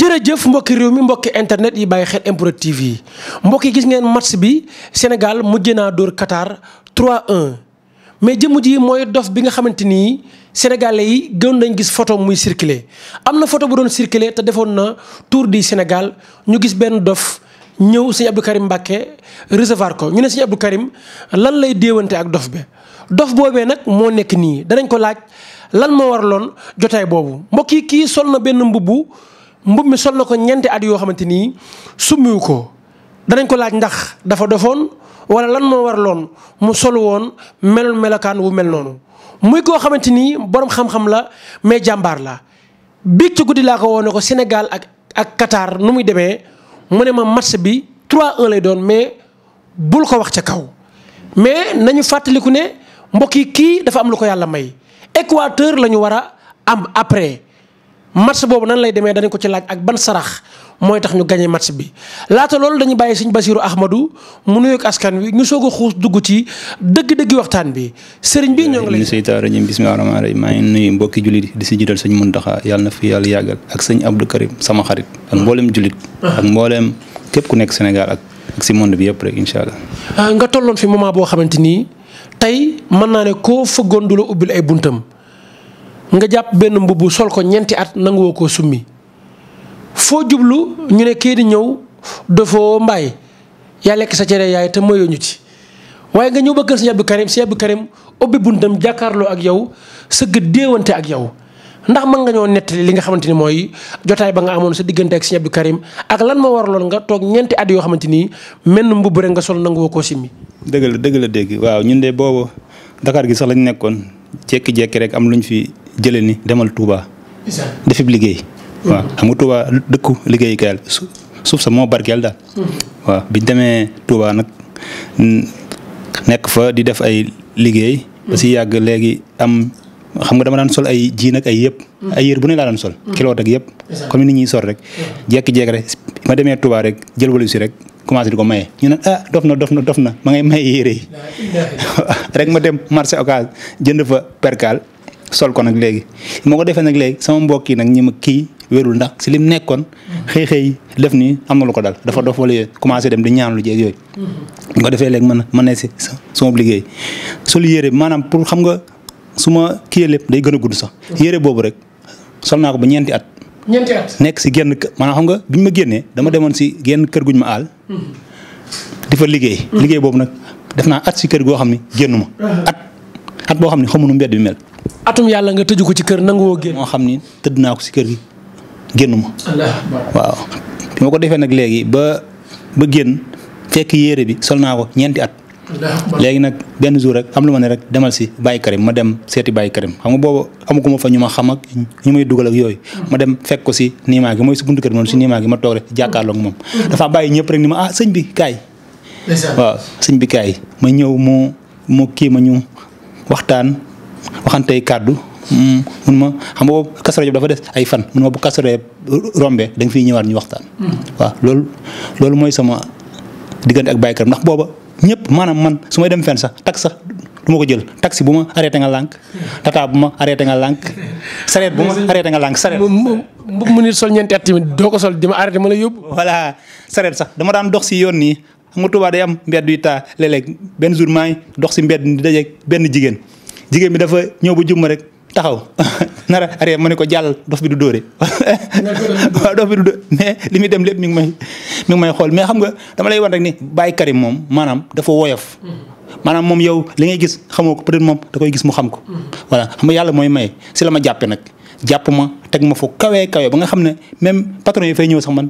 jërëjëf mbokki réew mi mbokki internet yi bàyyi xel MPROD TV yi mbokki gis ngeen match bi Sénégal mujj naa dóor Qatar 3-1 mais jëmm ji mooy dof bi nga xamante ni sénégalais yi gën nañ gis foto muy circuler am na foto bu doon circuler te defoon na tour di Sénégal ñu gis benn dof ñëw sëñ Abdou Karim Mbacké recevoir ko ñu ne sëñ Abdou Karim lan lay déewante ak dof bi dof boobee nag moo nekk nii danañ ko laaj lan moo waraloon jotaay boobu mbokki kii sol na benn mbubbu mbub mi sol na ko ñeenti at yoo xamante ni summiwu ko danañ ko laaj ndax dafa dofoon wala lan moo war loon mu sol woon melul melokaan wu mel noonu muy koo xamante ni borom xam-xam la mais jàmbaar la biig ci guddi laa ko woone ko Sénégal ak ak Qatar nu muy demee mu ne ma match bi trois 1 lay doon mais bul ko wax ca kaw mais nañu fàttaliku ne mbokk yi kii dafa am lu ko yàlla may Équateur la ñu war a am après match boobu nan lay demee danañ ko ci laaj ak ban sarax mooy tax ñu gagné match bi laata loolu dañu bàyyi sëñ Basiiru Ahmadu mu nuyoog askan wi ñu soog a xuus dugg ci dëgg-dëgg waxtaan bi sëriñ bi ñoo ngi lay seytaan rajim bismillaahi rahmaani rahiim maa ngi nuyu mbokki jullit di si jiital sëñ Muntaxa yàlla na fi yàlla yàggal ak sëñ Abdou Karim sama xarit ak mbooleem jullit ak mbooleem képp ku nekk Sénégal ak ak si monde bi yëpp rek incha allah ah, nga tolloon fi moment boo xamante nii tey mën naa ne koo fëggoon du la ubbil ay buntam nga jàpp benn mbubb sol ko ñeenti at nanguwoo koo summi foo jublu ñu ne kii di ñëw dafoo mbaay yaa lekk sa cere yaay te moyoo ñu ci waaye nga ñëw ba kër si Abdou Karim si Abdou Karim ubbi buntam jàkkaarloo ak yow sëgg déewante ak yow ndax mën nga ñoo nettali li nga xamante ni mooy jotaay ba nga amoon sa diggante ak Sëñ Abdou Karim ak lan moo waraloon nga toog ñeenti at yoo xamante ni menn mbubb rek nga sol nanguwoo koo simmi. dëgg la dëgg la dégg waaw ñun de boobu Dakar gi sax lañ nekkoon jékki-jékki rek am luñ fi jëlee ni demal Touba. defib liggéey. Mm. waaw xam nga Touba dëkku liggéeyukaay la suuf sa moo barkeel da mm. waaw biñ demee Touba nag nekk fa di def ay liggéey. Mm. ba si yàgg léegi am xam nga dama daan sol ay ji nag ay yëpp. ay yër bu ne laa daan sol. kiloot ak yëpp. comme si rek. commencé di ko maye ñu ne ah dof na dof na dof na ma ngay maye yére yi rek ma dem marché Ocass jënd fa percal sol ko nag léegi moo ko defee nag léegi sama mbokk yi nag ñi ma kii wérul ndax si lim nekkoon xëy xëy def ni am na lu ko dal dafa dof wala yooyu commencé dem di ñaan lu jeeg yooyu bu ko defee léegi man man ne si sama liggéey sol yére maanaam pour xam nga su ma kii lépp day gën a gudd sax yére boobu rek sol naa ko ba ñeenti at ñeenti nekk si genn kër maanaam xam nga bi ñu ma génnee dama demoon si genn kër guñ ma aal hmm. di fa liggéey hmm. liggéey boobu nag def naa at si kër goo xam ne génn ma uh-huh. at at boo xam ne xamuñu mbedd bi mel. atum yàlla nga tëju ko ci kër nanguwoo génn. moo xam ni tëdd naa ko si kër gi génn ma. waaw bi ma ko defee nag léegi ba ba génn fekk yére bi sol naa ko ñeenti at. léegi nag benn jour rek am lu ma ne rek demal si Baye Karim ma dem seeti Baye Karim xam nga boobu amaguma fa ñu ma xam ak ñu may dugal ak yooyu. ma dem fekk ko si niimaa gi mooy si buntu kër moom si niimaa gi ma toog rek jàkkaarloog moom. dafa bàyyi ñëpp rek ni ma ah sëñ bi kaay. waaw sëñ bi kaay ma ñëw mu mu kii ma ñu waxtaan waxantey kàddu mm, mun ma xam nga boobu Kazu Rajab dafa des ay fan mun ma bu Kazu Rajab rombee da nga fiy ñu waxtaan. Mm-hmm. waaw loolu loolu mooy sama diggante ak Baye Karim ndax booba ñëpp maanaam man su may dem fenn sax tax sax duma ko jël taxi bu ma arrêté nga lànk tata bu ma arrêté nga lànk sareet bu ma arrêté nga lànk sareet. mu nit sol ñeenti at tamit doo ko sol di ma arrêté ma la yóbbu. voilà sareet sax dama daan dox si yoon nii. xam nga am mbedd yu taa léeg-léeg benn jour maa ngi dox si benn jigéen jigéen bi dafa ñëw ba jumma rek taxaw nara aree ma ne ko jàll dox bi du dóore waaw mais li muy dem lépp mi ngi may mi may xool mais xam nga dama lay wan rek ni Baye Karim moom maanaam dafa woyof maanaam moom yow li ngay gis xamoo ko peut-être moom da koy gis mu xam ko voilà xam nga yàlla mooy may si la ma jàppee nag jàpp ma teg ma fu kawee kawee ba nga xam ne même patron yi fay ñëw sax man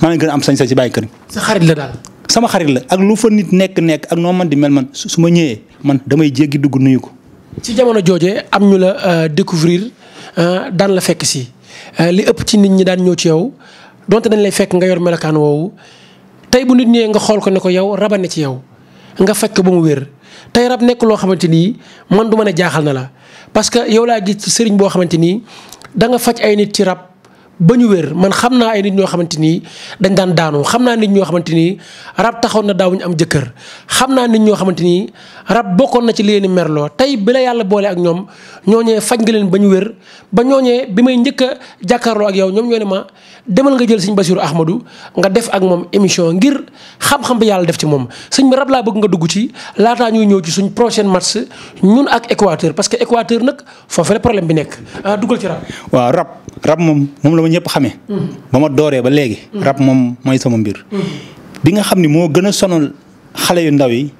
maa ngi gën am sañ-sañ si Baye Karim sa xarit la daal sama xarit la ak lu fa nit nekk nekk ak noo man di mel man su ma ñëwee man damay jéggi dugg nuyu ko. ci jamono jooje am ñu la euh, découvrir euh, daan la fekk si euh, li ëpp ci nit ñi daan ñëw ci yow donte dañ lay fekk nga yor melokaan woowu tey bu nit ñëwee nga xool ko ne ko yow raba ne ci yow nga fekk ba mu wér tey rab nekk loo xamante ni man du ma ne jaaxal na la parce que yow laa gis sëriñ boo xamante ni da nga faj ay nit ci rab. ba ñu wér man xam naa ay nit ñoo xamante ni dañ daan daanu xam naa nit ñoo xamante ni rab taxoon na daawuñu am jëkkër xam naa nit ñoo xamante ni rab bokkoon na ci li leen merloo tey bi la yàlla boole ak ñoom ñooñee faj nga leen ba ñu wér ba ñooñee bi may njëkk a jàkkaarloo ak yow ñoom ñoo ne ma demal nga jël sëñ Basiru Ahmadu nga def ak moom émission ngir xam-xam bi yàlla def ci moom sëñ bi rab laa bëgg nga dugg ci laataa ñuy ñëw ci suñ prochaine match ñun ak Équateur parce que Équateur nag foofu la bi nekk ah, duggal ci rab ñëpp xamee. Mm-hmm. ba ma dooree ba léegi. Mm-hmm. rab moom mooy sama mbir. Mm-hmm. bi nga xam ni moo gën a sonal xale yu ndaw yi.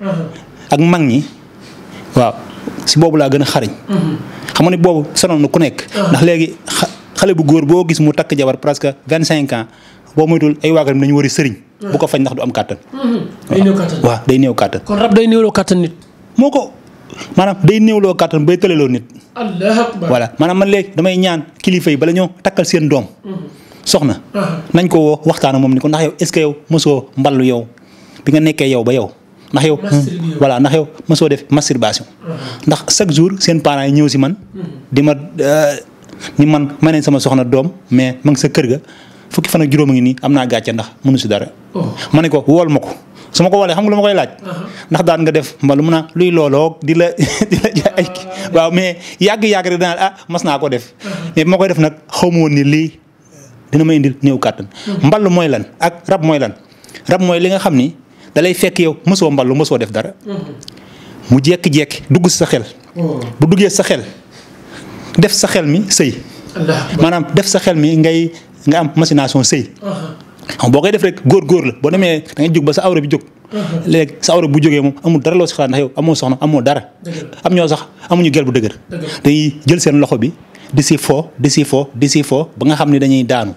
ak mag ñi waaw si boobu laa gën a xariñ. xam nga ni boobu sonal na ku nekk. ndax léegi xale bu góor boo gis mu takk jabar presque vingt cinq ans boo moytul ay waagal mi dañu war a sëriñ. bu kàttan. day day néew kàttan. kon rab day néewloo kàttan nit. moo ko maanaam day néewloo kàttan bay tëleloo nit. allah akbar voilà maanaam man léegi damay ñaan kilifa yi bala ñoo takkal seen doom. Mm-hmm. soxna. nañ ko woo waxtaan moom ni ko ndax yow est-ce que yow mosoo mballu yow bi nga nekkee yow ba yow. ndax yow voilà ndax yow mosoo def masturbation. ndax chaque jour seen parents yi ñëw si man. Mm-hmm. di ma euh, ni man ma ne sama soxna doom mais ma sa kër ga fukki fan ak juróom a ngi nii am naa gàcce ndax mënu si dara. Oh. ma ne ko wool ma ko. su ma ko walee xam nga lu ma koy laaj. Uh-huh. ndax daan nga def mbalu mun a luy looloo di ah. mais yàgg yàgg rek danaa ah mas naa def. Uh-huh. mais koy def nag xaw ma woon lii dina ma indil néew kàttan. Uh-huh. mbal mooy lan ak rab mooy lan rab mooy li nga xam ni dalay fekk yow mosoo mballu mosoo def dara. mu jékki-jékki dugg sa xel. bu duggee sa xel def sa xel mi sëy. maanaam def sa xel mi ngay nga am machination sëy. xam boo koy def rek góor-góor la boo demee da sa bu jógee moom amul dara loo si xalaat ndax yow amoo soxna amoo dara am ñoo sax amuñu gel bu loxo bi di si foo di si foo ba nga xam ne dañuy daanu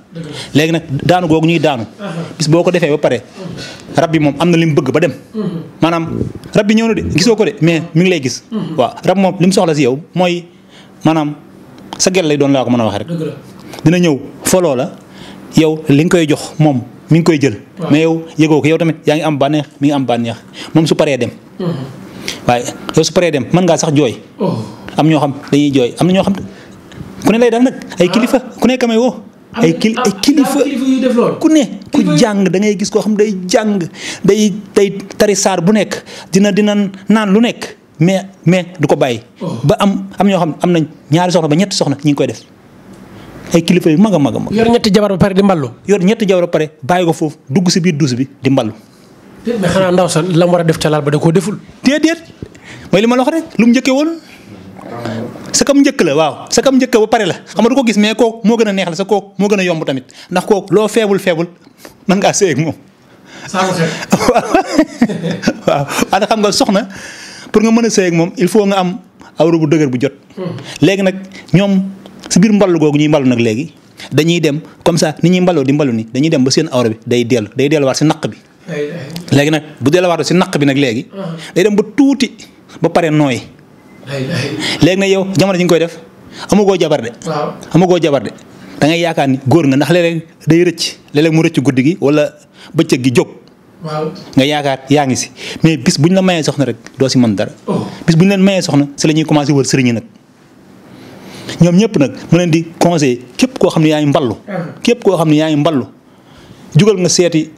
léegi nag daanu googu ñuy daanu uh-huh. boo ko defee ba pare rab bi moom am na li mu bëgg ba dem uh-huh. maanaam rab bi ñëw na de gisoo ko de mais mi ngi lay gis uh-huh. waaw rab moom li mu soxla si yow mooy manaam sa gel lay doon laa ko mën a wax rek dina ñëw foloo la yow li nga koy jox moom mi ngi koy jël. mais yow yëgoo ko yow tamit yaa ngi am bànneex mi ngi am bànneex moom su paree dem. Mm-hmm. waaye yow su paree dem man ngaa sax jooy. Oh. am ñoo xam dañuy jooy am na ñoo xam ku ne lay dal nag. ay kilifa ah. ku ne kamay woo. ay kil ku ne jàng da ngay gis koo xam day jàng day day tari saar bu nekk dina dina naan lu nekk mais mais du ko bàyyi. Oh. ba am am ñoo xam am nañ ñaari soxna ba ñetti soxna ñi ngi koy def. ay kilifa yu mag a mag a mag. yor ñetti jabar ba pare di mballu. yor ñetti jabar ba pare bàyyi ko foofu dugg si biir duus bi di mballu. déet mais xanaa ndaw sa la war a def ca laal ba da koo deful. déedéet mooy li ma la rek lu mu njëkkee woon sa kam njëkk la waaw sa kam njëkk ba pare la xam nga du ko gis mais kook moo gën a neex la sa gën a yomb ndax kooku loo feebul feebul mën ngaa seey ak moom. waaw waaw xam nga soxna pour nga mën a seey moom il faut nga am awra bu dëgër bu jot. Hmm. léegi nag ñoom si biir mballu googu ñuy mballu nag léegi dañuy dem comme sa ni ñuy mbaloo di mballu ni dañuy dem ba seen awra bi day dellu day delluwaat si naq bi. léegi nag bu delluwaatoo si naq bi nag léegi. Uh-huh. day dem ba tuuti ba pare nooy. léegi nag yow jamono ji nga koy def amagoo jabar de. waaw amagoo jabar de da yaakaar ni góor nga ndax léeg day rëcc léeg-léeg mu rëcc guddi gi wala bëccëg gi jóg. waaw nga yaakaar yaa ngi si mais bis bu ñu la mayee soxna rek doo si mën dara. Oh. bis bu ñu leen mayee soxna si la ñuy commencé wër sëriñ nag. ñoom ñëpp nag mu leen di conseiller képp koo xam ne yaa ngi mballu. képp koo xam ne yaa ngi mballu jugal nga seeti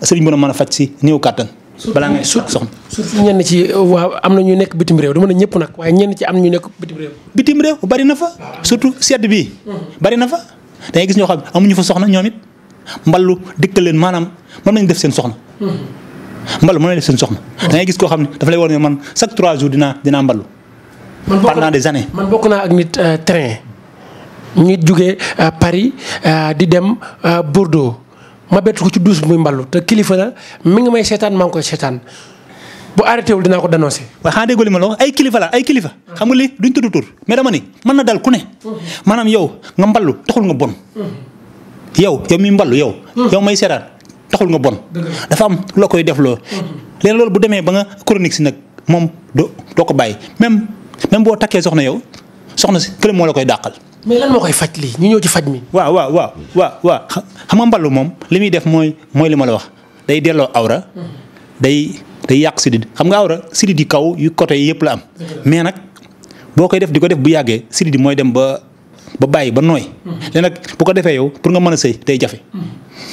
sëriñ bu na a faj si néew kàttan. balaa ngay sut soxna. surtout ñenn ci waaw am na ñu nekk bitim réew dama ne ñëpp nag waaye ñenn ci am ñu nekk sedd bii. bari fa da ngay gis ñoo xam ne amuñu fa soxna ñoom it mballu dikkal leen maanaam moom lañ def seen soxna. mballu mën na def seen soxna. da gis koo xam ne dafa lay man chaque trois jours dinaa mballu pendant des années. man bokk naa ak nit euh, train ñu jugee euh, Paris euh, di dem Bordeaux ma bett ko ci douche muy mballu te kilifa la mi ngi may seetaan maa koy seetaan bu arrêté wul dinaa ko dénoncé. waaw xanaa déggoo li ma la ay kilifa la ay kilifa. xam nga li duñ tudd tur mais dama ni mën na dal ku ne. Mhm. maanaam yow nga mballu taxul nga bon. Mhm. yow yow mi mballu yow. Mhm. yow may seetaan taxul nga bon. dafa am loo koy def loolu. léegi loolu bu demee ba nga chronique si nag moom doo doo ko bàyyi même boo takkee soxna yow soxna si kële moo la koy dàqal. mais lan moo koy faj lii ñu ñëw ci faj mi. waaw waaw waaw waaw xam nga mballu moom li muy def mooy mooy li ma la wax day delloo awra. day day yàq sidid xam nga awra sidid yi kaw yu côté yi la am. mais nag boo koy def di ko def bu yàggee sidid yi mooy dem ba ba bàyyi ba nooy. Hmm. léegi nag bu ko defee yow pour nga mën a sëy day jafe. Hmm.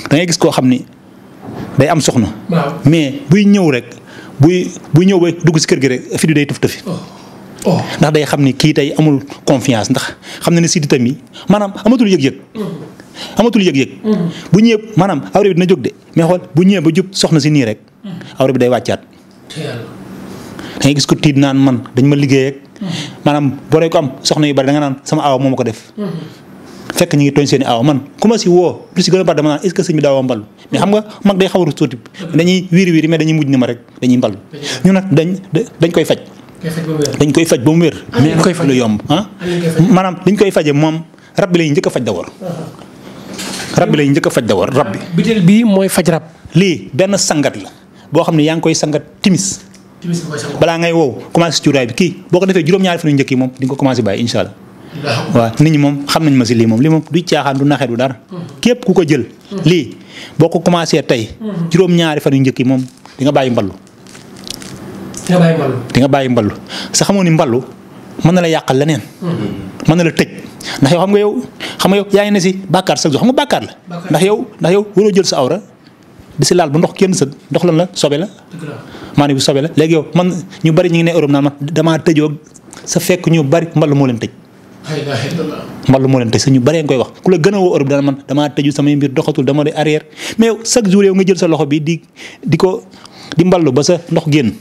da ngay gis koo xam ni day am soxna. mais buy ñëw rek buy buy ñëw ba dugg si kër Oh. ndax day xam ni kii tey amul confiance ndax xam na ne Sidi tamit maanaam amatul yëg-yëg. Mm-hmm. amatul yëg-yëg. Mm-hmm. bu ñëwee maanaam awra bi dina jóg de mais xool bu ñëwee ba jub soxna si nii rek. Mm-hmm. awra bi day wàccaat. da ngay gis ko tiit naan man dañ ma liggéey ak. maanaam boo dee ko am soxna yu bari da nga naan sama awa moo ma ko def. fekk ñu ngi tooñ seen i awa man ku ma si woo lu si gën a bari dama naan est ce que sëñ bi daawoo mbalu mais xam nga mag day xaw a tuuti dañuy wiiri wiiri mais dañuy mujj ni ma rek dañuy mbalu ñu nag dañ koy faj dañ koy faj ba mu wér. mais ah, lu yomb ah. ah maanaam liñ koy faje moom rab bi lay ah, njëkk a faj d'abord. rab bi njëkk a faj d'abord rab bi. bitel bii mooy faj rab. lii benn sangat la boo xam ne yaa ngi koy sangat timis. timis balaa ngay wow commencé cuuraay bi kii boo ko defee juróom-ñaari fan yu njëkk moom di nga ko commencé bàyyi incha allah. waaw xam nañ ma si lii moom lii moom du caaxaan du naxee du dara. Hmm. ku ko jël. lii boo ko commencé tey. Hmm. juróom-ñaari fan yu njëkk yi moom di nga bàyyi mballu di nga bàyyi mballu di nga bàyyi mballu sa xamoo ni mballu mën na la yàqal leneen. Mm-hmm. mën na la tëj ndax yow xam nga yow xam nga yow yaa ngi ne si bàkkaar sa xam nga bàkkaar la. ndax yow ndax yow waroo jël sa awra di si laal bu ndox kenn sa ndox lan la sobe la. maanaam bi sobe la léegi yow man ñu bari ñu ngi ne Europe naan man damaa tëjoo sa fekk ñu bari mballu moo leen tëj. mballu moo leen tëj sa ñu bari nga koy wax ku la gën a woo Europe man damaa tëju samay mbir doxatul dama di mais yow chaque jour jël sa loxo bi di di ko di ba sa ndox génn.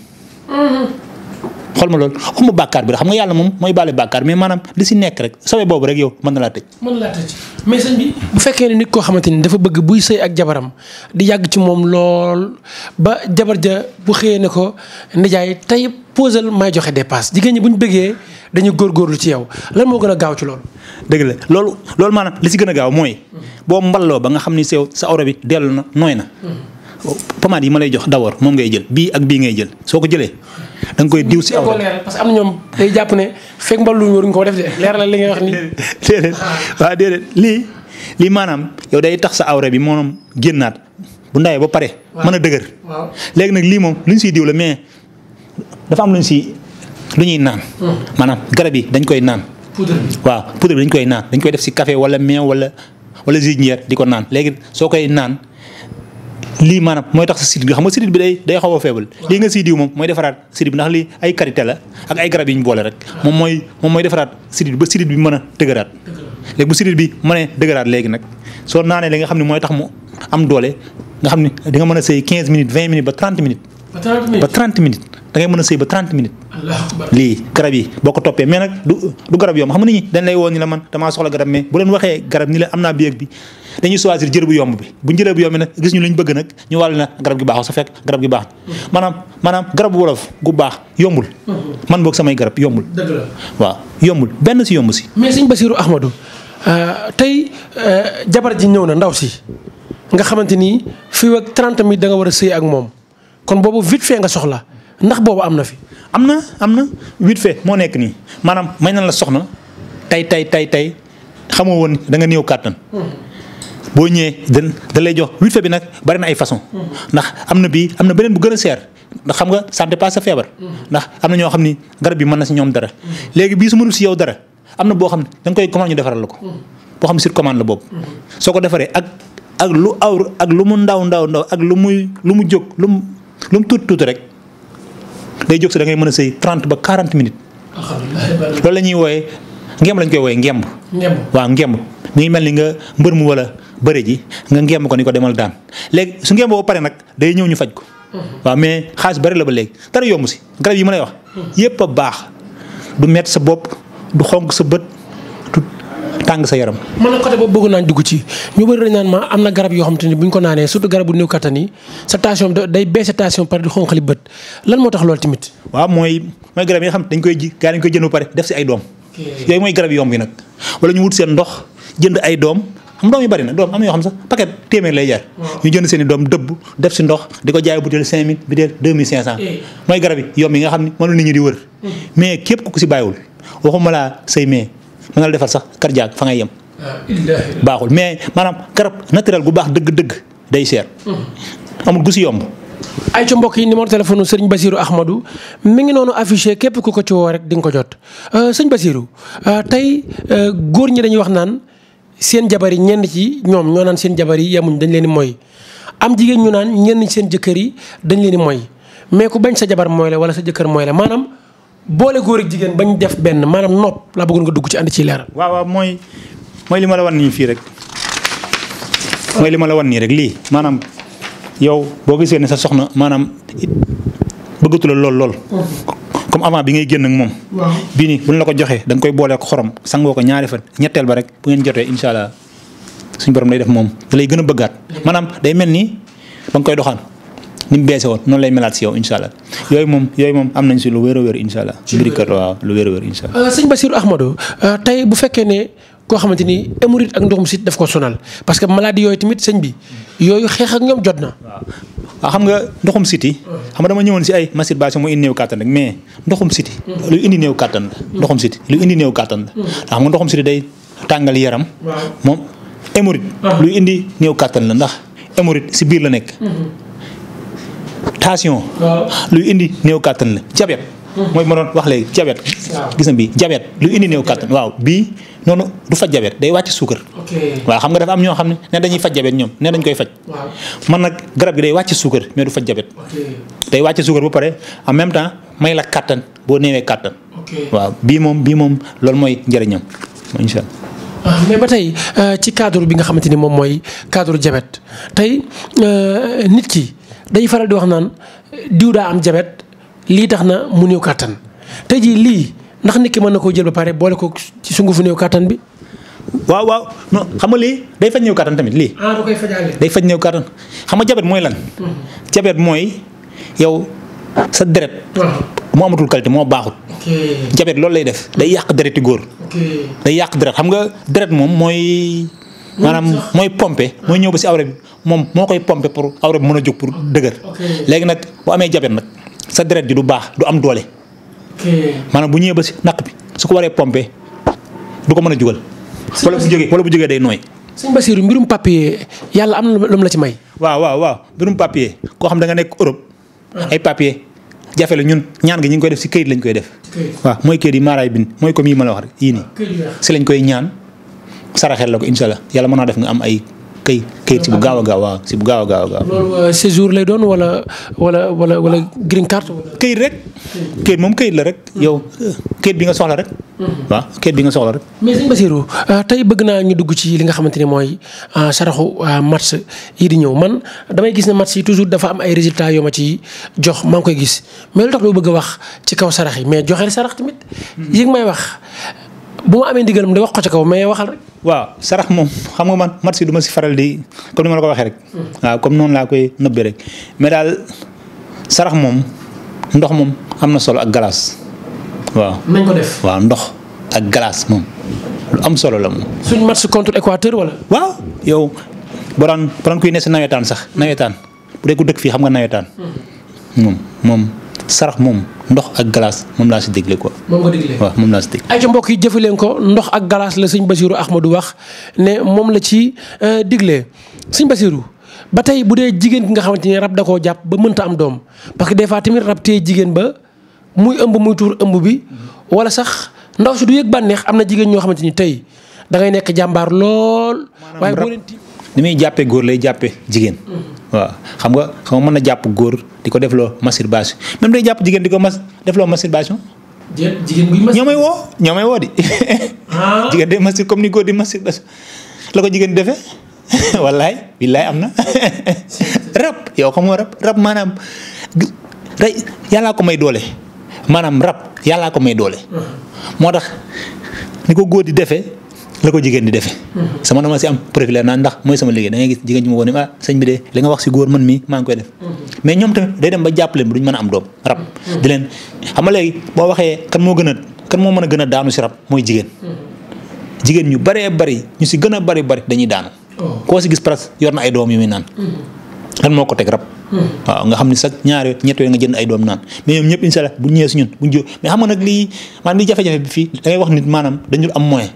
xool ma loolu xamu bàkkaar bi la xam nga yàlla moom mooy baale bàkkaar mais maanaam li si nekk rek soobee boobu rek yow mën na laa tëj. mën na laa tëj mais bu fekkee ne nit koo xamante ni dafa bëgg buy sëy ak jabaram di yàgg ci moom lool ba jabar bu xëyee ne ko nijaay tey posal may joxe dépasse jigéen ñi bu ñu bëggee dañu góorgóorlu ci yow lan moo gën a gaaw ci loolu. dëgg la loolu lool maanaam li si gën a gaaw mooy. boo mballoo ba nga xam ni sew sa oro bi dellu na nooy na. pomade yi ma lay jox d'abord moom ngay jël bii ak bii ngay jël soo ko jëlee da koy diw si aw parce que am ñoom day jàpp ne fekk mbalu waruñ ko def li ah. maanaam yow day tax sa awra bi moom génnaat bu ndawee ba pare. mën a dëgër. léegi nag lii moom lu ñu siy diw la mais dafa am lu ñu si lu ñuy naan. Hmm. garab yi dañ koy naan. poudre bi waaw poudre bi dañ koy naan dañ koy def si café wala meew wala wala gingembre di ko naan léegi soo koy naan lii maanaam mooy tax sa sidit bi xam nga sidit bi day day xaw a faible lii nga siidiw moom mooy defaraat sidit bi ndax lii ay karité la ak ay garab yi rek moom mooy moom mooy defaraat sidit bi ba sidit bi a dëgëraat léegi bi mënee léegi nag soo naanee li nga xam ne mooy tax mu am doole nga xam ne di nga mën a sëy 15 minutes 20 minutes ba 30 minutes ba 30 minutes da ngay mën a sëy ba 30 minutes garab yi boo ko toppee mais nag du du garab yoom xam nga nit ñi dañ lay woo ni la man damaa soxla garab mais bu leen waxee garab ni la am naa bi dañuy choisir jël bu yomb bi bu ñu jëlee bu yomb bi nag gis ñu lañ bëgg nag ñu wàll na garab gi baaxul sa fekk garab gi baax maanaam maanaam garab wolof gu baax yombul mhm. man boog samay garab yombul waaw yombul benn si yomb si mais sëñ Basiru Ahmadou euh, tey euh, jabar ji ñëw na ndaw si nga xamante ni fii ak 30 mi da nga war a sëy ak moom kon boobu vite fait nga soxla ndax boobu am na fi. am na am na vite fait moo nekk nii maanaam may na la soxna tey tey tey tey xamoo woon da nga néew kàttan. Mhm. boo ñëwee dan da lay jox huit fa bi nag bari na ay façon ndax am na bii am na beneen bu gën a seer ndax xam nga santé pas sa feebar ndax am na ñoo xam ni garab bi mën na si ñoom dara léegi bii su mënul si yow dara am na boo xam ne da koy commande ñu defaral la ko boo xam ne sur commande la boobu soo ko defaree ak ak lu awr ak lu mu ndaw ndaw ndaw ak lu muy lu mu jóg lu mu lu mu tuuti tuuti rek day jóg si da mën a sëy trente ba quarante minutes loolu la ñuy wooyee ngemb lañ koy wooyee ngemb waaw ngemb mi ngi mel ni nga mbër mu wala bëre ji nga ngeem ko ni ko demal daan léegi su ngeem boo pare nag day ñëw ñu faj ko. Mhm. waaw mais xaalis bari la ba léegi dara yomb si garab yi ma lay wax. Mhm. yépp a baax du met sa bopp du xonq sa bët du tàng sa yaram. man nag côté boobu bëgg naa dugg ci ñu bari dañ naan ma am na garab yoo xam te ne bu ñu ko naanee surtout garabu néew kattan yi sa tension day baissé sa tension pare du xonqali bët lan moo tax loolu tamit. waaw mooy mooy garab yi nga xam dañ koy ji gaa dañ koy jënd def si ay doom. yooyu mooy garab yomb yi nag wala ñu wut seen ndox jënd ay doom xam doom yu bari na doom am na yoo xam sax paquet téeméer lay jar. ñu jënd seen doom dëbb def si ndox di ko jaay butéel 5000 butéel 2500. Eh. mooy garab yi yomb yi nga xam ni moom la nit hmm. mais képp ku ko si bàyyiwul waxuma laa say mais mën na la defal sax cardiaque fa ngay yem. Ah, baaxul mais maanaam garab naturel gu baax dëgg-dëgg day seer. Hmm. amul gu si yomb. ay ca mbokk yi numéro téléphone sëriñ Basiru Ahmadou mi ngi noonu affiché képp ku ko ci woo rek di nga ko jot euh, sëñ Basiru euh, tey euh, góor ñi dañuy wax naan. seen jabar yi ñenn ci ñoom ñoo naan seen jabar yi yemuñ dañ leen di mooy am jigéen ñu naan ñenn seen jëkkër yi dañ leen di mooy mais ku bañ sa jabar mooy la wala sa jëkkër mooy la maanaam boole góor ak jigéen bañ def benn maanaam nopp laa bëggoon nga dugg ci ànd ci leeral. waaw waaw mooy mooy li ma la wan nii fii rek mooy li ma la wan nii rek lii maanaam yow boo gisee ne sa soxna maanaam bëggatu la lool lool. comme avant bi ngay génn ak moom. bii nii bu ñu la ko joxee da nga koy boolee ko xorom sangoo ko ñaari fan ñetteel ba rek bu ngeen jotee incha allah suñu borom day def moom da lay gën a bëggaat. maanaam day mel ni ba nga koy doxaan ni beese woon noonu lay melaat si yow incha yooyu moom yooyu moom am nañ si lu wér a wér incha allah. mbiri kër a euh, euh, tey bu fekkee ne koo xamante ni hémorroïde ak ndoxum sit daf ko sonal parce que maladie yooyu tamit sëñ bi yooyu xeex ak ñoom jot na. waaw xam nga ndoxum sit yi. xam nga dama ñëwoon si ay masturbation mu indi néew kàttan rek mais ndoxum sit yi. lu indi la. ndoxum sit lu indi néew kàttan la. Mm. xam nga ndoxum sit day tàngal yaram. moom hémorroïde. Ah. lu indi néew kàttan la ndax hémorroïde si biir la nekk. Mm-hmm. tension. luy indi néew kàttan la diabète mooy ma doon wax léegi jabet gis na bii jabet lu indi néew day wàcc suukar waaw xam nga dafa am ñoo xam ne ne dañuy faj jabet ñoom ne dañ koy faj man nag garab gi day wàcc suukar mais du faj jabet day wàcc suukar ba pare en même temps may la kàttan boo néewee kàttan waaw bii moom bii moom loolu mooy njëriñam incha allah ah, mais ba tey euh, ci cadre bi nga xamante ni moom mooy cadre jabet tey euh, nit ki day faral di wax naan diw am jabet lii tax na mu néew kàttan te ji lii ndax nit ki mën na koo jël ba pare boole ko ci sungufu néew kàttan bi. waaw waaw non xam nga lii day faj néew kàttan tamit lii. ah da day faj néew xam nga jabet mooy lan. Hmm. mooy yow sa deret. moo amatul moo baaxut. jabet loolu lay def day yàq dereti góor. day yàq xam nga deret moom mooy. maanaam mooy pompe ah. mooy ñëw ba si awra moom moo koy pompe pour awra bi mën a jóg pour dëgër. léegi nag bu amee jabet nag. sa deret ji du baax du am doole. maanaam bu ñëwee ba si naq bi su ko waree pompé du ko mën a jugal. wala bu jógee bu jógee day nooy. sëñ Basiirou mbirum papier yàlla am na la ci may. waaw waaw waaw mbirum papier koo xam da nga nekk Europe. Ah. ay papier jafe la ñun ñaan gi ñu ngi koy def si këyit lañ koy def. waaw mooy këyit yi maaraay bin mooy comme yi ma la wax rek yii nii. si lañ koy ñaan saraxel la ko incha yàlla mën naa def nga am ay. këy këyit si bu ah. gaaw a gaaw waaw si bu gaaw a gaaw a gaaw. loolu euh, séjour lay doon wala wala wala wala green card. këyit rek. këyit moom këyit la rek. Hmm. yow këyit bi nga soxla rek. Hmm. waaw këyit bi nga soxla rek. mais sëñ euh, bëgg naa ñu dugg ci li nga xamante ni mooy euh, saraxu match yi di ñëw man damay gis ne match yi toujours dafa am ay résultats yoo ma ci jox maa ngi koy gis mais lu tax loo bëgg a wax ci kaw sarax yi mais joxeel sarax tamit. Hmm. yéeg may wax bu ma amee ndigalam de wax ko kaw mais waxal rek. waaw sarax moom xam nga man match du ma si faral di comme ni ma la ko waxee rek. waaw comme noonu laa koy nëbbee rek mais daal sarax moom ndox moom am na solo ak glace. waaw nañ ko ndox ak glace moom lu am solo la moom. suñ match contre Équateur wala. waaw yow boo daan boo kuy ne sa nawetaan sax nawetaan bu dee ku dëkk fii xam nga nawetaan. Hmm. moom moom sarax moom. ak glace moom laa si dégle quoi. moom nga moom laa si dégle. ay ca mbokk yi jëfe leen ko ndox ak glace la ax ma du wax ne moom la ci euh, diglee sëñ Basiru ba tey bu dee jigéen ki nga xamante ni rab da koo jàpp ba mënta am doom parce que des fois tamit rab tee jigéen ba muy ëmb muy tuur ëmb bi wala sax ndaw si du yëg bànneex am na jigéen ñoo xamante ni tey da nekk jàmbaar lool. waaye boo leen ni muy jàppee góor lay jàppee jigéen. Mm-hmm. waaw xam nga xam nga mën na jàpp góor di ko defloo masturbation même day jàpp jigéen di ko mas defloo masturbation. jë jigéen guy ñoo may woo ñoo may woo di. Ah. jigéen day mastur comme ni góor di masturbation la ko jigéen di defee. wallaay billaay am na rab yow xam nga rab rab maanaam rey yàlla ko may doole maanaam rab yàllaa ko may doole. Mm-hmm. moo tax ni ko góor di defee la ko jigéen di defe mm-hmm. sama dama si am préfilère naan ndax mooy sama liggéey da ngay gis jigéen ji ma woo ne ah nga koy def mm-hmm. mais ba jàpp leen bi duñ mën a am mm-hmm. nga moo gën kan moo mën gën a daanu si rab mooy jigéen jigéen ñu bëree bëri ñu si gën a bëri bëri dañuy daanu oh. koo si gis presque yor na ay doom yu muy naan lan moo ko teg rab waaw nga xam ne sax ñaari ñett yooyu nga jënd ay doom naan mais ñoom ñëpp incha bu ñëwee si ñun buñ jóg mais xam nga nag lii maanaam lii jafe-jafe bi fii da ngay wax nit maanaam dañu am moyen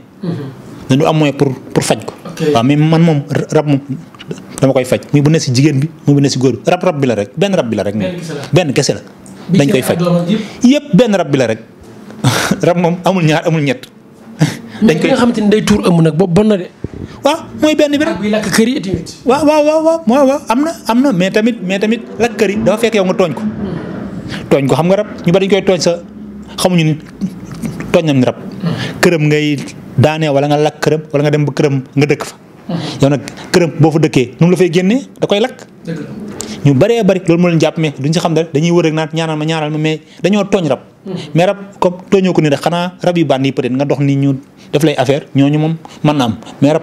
dañu am moyen pour pour faj ko. man moom rab moom dama koy faj muy bu ne si jigéen bi muy bu si góor bi rab bi la benn rab bi la rek. benn kese la dañ koy faj yëpp benn rab bi la rek rab moom amul ñaar amul ñett. dañ koy nga xamante ni day tuur ëmb nag boobu bon na de. waaw mooy benn bi kër yi waaw am na na mais tamit mais tamit kër yi dafa fekk yow nga tooñ ko. Hmm. tooñ ko xam nga rab ñu bari dañ koy tooñ sa xamuñu ni tooñ nañ rab hmm. këram ngay daanee wala nga lakk këram wala nga dem ba këram nga dëkk fa. yow nag këram boo fa dëkkee nu la fay génnee da koy lakk. ñu bëree bëri loolu moo leen jàpp mais duñ si xam dara dañuy wër rek naan ñaanal ma ñaanal ma mais dañoo tooñ rab. Hmm. mais rab comme tooñoo ko nii rek xanaa rab nga dox nii ñu def lay ñoo ñooñu moom mën na am mais rab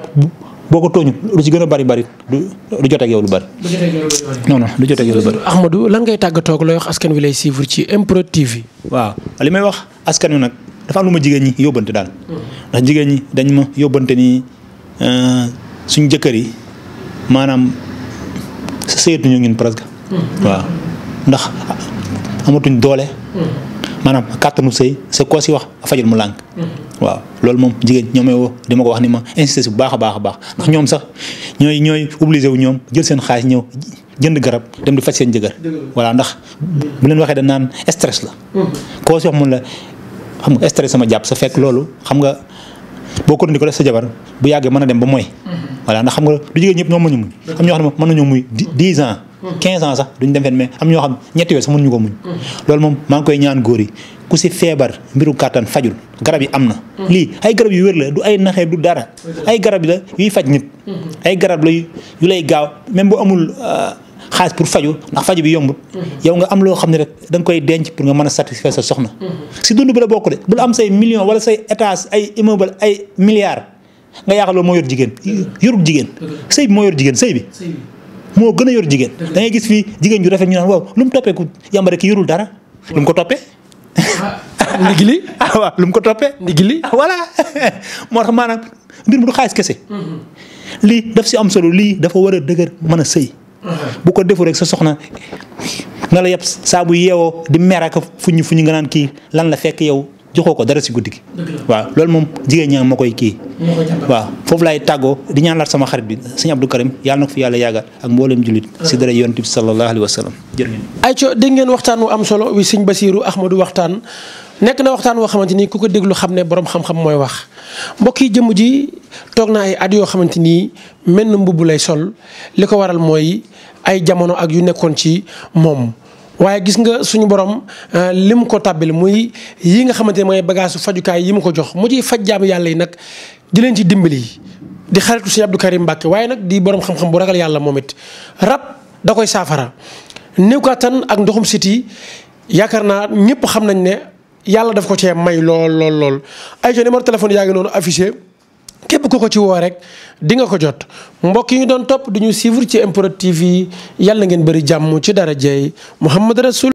boo ko tooñu lu ci gën a bëri bëri du du yow lu bëri. du jot ak yow lu bëri. non non du jot ak yow lu bëri. Ahmadou lan ngay tàggatoo ak looy wax askan wi lay suivre ci MPROD TV. waaw li may wax askan wi nag dafa am lu ma jigéen ñi yóbbante daal. ndax jigéen ñi dañ ma yóbbante ni euh, suñ jëkkër yi maanaam sëyatuñu ngeen presque. Mm-hmm. waaw ndax amatuñ doole. Mm-hmm. maanaam kàttanu sëy c'est quoi si wax fajal mu lànk. Mm-hmm. waaw loolu moom jigéen ñoom yow di ma ko wax ni ma insisté bu baax a baax a baax ndax ñoom sax ñooy ñooy obligé wu ñoom jël seen xaalis ñëw jënd garab dem di faj seen jëkkër. voilà ndax bu leen waxee da naan stress la. koo si wax mun la xam nga stress sama jàpp sa fekk loolu xam nga boo ko di ko def sa jabar bu yàggee mën a dem ba mooy. voilà ndax xam nga du jigéen ñëpp ñoo mën a muñ. am ñoo xam ne mën nañoo muñ dix ans. quinze ans sax duñ dem fenn mais am ñoo xam ñetti yooyu sax mënuñu ko muñ. loolu moom maa ngi koy ñaan góor ku si feebar mbiru kàttan fajul garab yi am na. lii ay garab yu wér la du ay naxee du dara. ay garab la yuy faj nit. ay garab la yu lay gaaw même bu amul. Euh, xaalis pour faju ndax faju bi yombul mhm. yow nga am loo xam ne rek da koy denc pour nga mën a satisfaire sa soxna mhm. si dund bi la bokk de bul am say million wala say étage ay immeuble ay milliards nga yaakaar loolu moo yor jigéen yorub jigéen sëy bi moo yor jigéen sëy bi moo gën a yor jigéen dangay gis fii jigéen ju rafet ñu naan waaw lu mu toppee ku yàmbare ki yorul dara lu mu ko toppee ah, ndigili li ah, waaw ah, moo tax maanaam mbir mu du xaalis kese mhm. lii daf lii dafa war a dëgër a sëy bu ko defu rek sa soxna nga la yëpp saa yeewoo di mer ak fu ñu fu ñu nga naan kii lan la fekk yow. joxoo ko dara si guddi gi. waaw loolu moom jigéen ñaa ma koy kii. waaw foofu laay tàggoo di ñaan laat sama xarit bi sëñ Abdou Karim yàlla na ko fi yàlla yàggal ak mboolem jullit. si dara yonent bi sallallahu alayhi wa sallam jërëjëf. ayco dégg ngeen waxtaan wu am solo wi sëñ Basiiru Ahmadu waxtaan nekk na waxtaan woo xamante ni ku ko déglu xam ne borom xam-xam mooy wax mbokk yi jëmm ji toog naa ay at yoo xamante ni mel na mbubb lay sol li ko waral mooy ay jamono ak yu nekkoon ci moom. waaye gis nga suñu borom euh, li mu ko tàbbil muy yi nga xamante ne mooy bagage fajukaay yi mu ko jox mu ci faj jaamu yàlla yi nag di leen ci dimbali di xaritu si Abdou Karim Mbàkke waaye nag di borom xam-xam bu ragal yàlla moom it rab da koy saafara néew kàttan ak ndoxum siti yaakaar naa ñëpp xam nañ ne yàlla def ko cee may lool lool lool ay numéro téléphone yaa ngi noonu affiché képp ku ko ci woo rek di nga ko jot mbokk yi ñu doon topp duñu ñu ci MPROD yi yàlla ngeen bëri jàmm ci dara jëy Muhammad Rasul